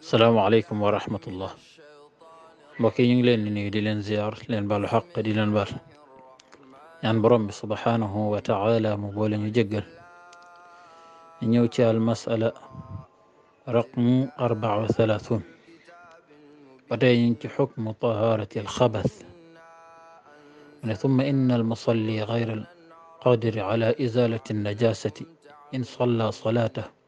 السلام عليكم ورحمة الله بكي لين ني دي لين زيار لين بالو حق دي لين بال يعني برم سبحانه وتعالى مبول يجقل نيوتي المسألة رقم 34 تي حكم طهارة الخبث من ثم إن المصلي غير القادر على إزالة النجاسة إن صلى صلاته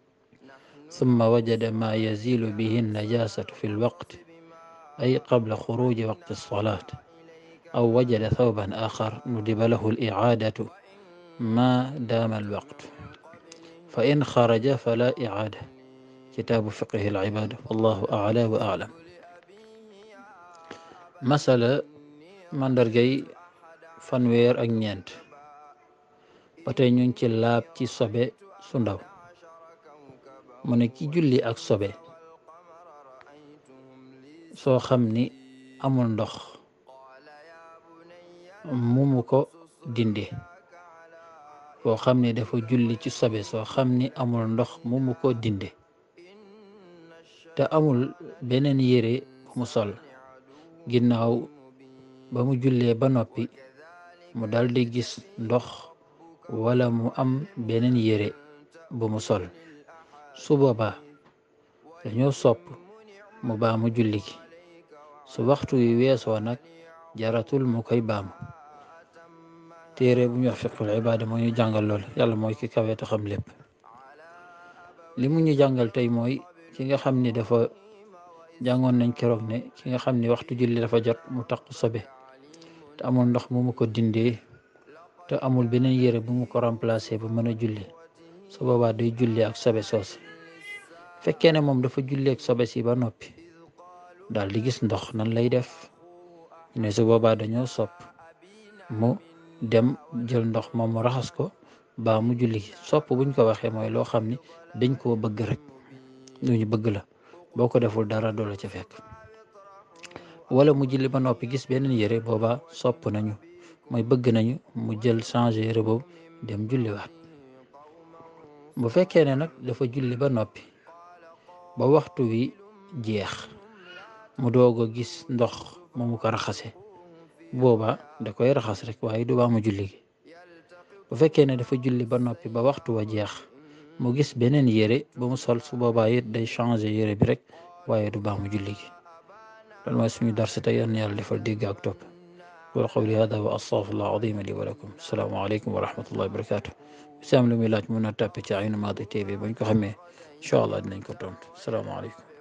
ثم وجد ما يزيل به النجاسة في الوقت أي قبل خروج وقت الصلاة أو وجد ثوبا آخر ندب له الإعادة ما دام الوقت فإن خرج فلا إعادة كتاب فقه العباد والله أعلى وأعلم مسألة من درجي فنوير ñeent ba نيونتي ñu تي صبي laab mu ne ki julli ak sobe soo xam ni amul ndox mu mu ko dindi koo xam ni dafa julli ci sobe soo xam ni amul ndox mu mu ko dinde te amul beneen yére bu mu sol ginnaaw ba mu jullee ba noppi mu daldi gis ndox wala mu am beneen yére bu mu sol su boobaa dañoo sopp mu baamu julli ki su waxtu wi weesoo nag jaratul mu koy baamu téere bu ñu wax fiqul ibaada moo ñu jàngalool lool yàlla mooy ki kawe te xam lépp li mu ñu jàngal tey mooy ki nga xam ni dafa jàngoon nañ keroog ne ki nga xam ni waxtu julli dafa jot mu taq sobe te amul ndox mu mu ko dindee te amul beneen yére bu mu ko remplacer ba mën a julli su boobaa day julli ak sobe soosi fekkee ne moom dafa julli ak sobe si ba noppi daal di gis ndox nan lay def ne su boobaa dañoo sopp mu dem jël ndox moom mu raxas ko baa mu julli sopp buñ ko waxee mooy loo xam ni dañ koo bëgg rek lu bëgg la boo ko deful dara doo la ca fekk wala mu julli ba noppi gis beneen yére boobaa sopp nañu mooy bëgg nañu mu jël changé yére boobu dem julliwaat bu fekkee ne nag dafa julli ba noppi ba waxtu wi jeex mu doog a gis ndox mu mu ko raxase booba da koy raxas rek waaye du mu julli gi bu fekkee ne dafa julli ba noppi ba waxtu wa jeex mu gis beneen yére ba mu sol su boobaa it day changé yére bi rek waaye du mu julli gi loolu mooy suñu darsi tey yal na yàlla defal dégg ak وقولي هذا وأصاف الله عظيم لي ولكم السلام عليكم ورحمة الله وبركاته سامي لميلاد من التابتين ماضي تي في بنك إن شاء الله إن السلام عليكم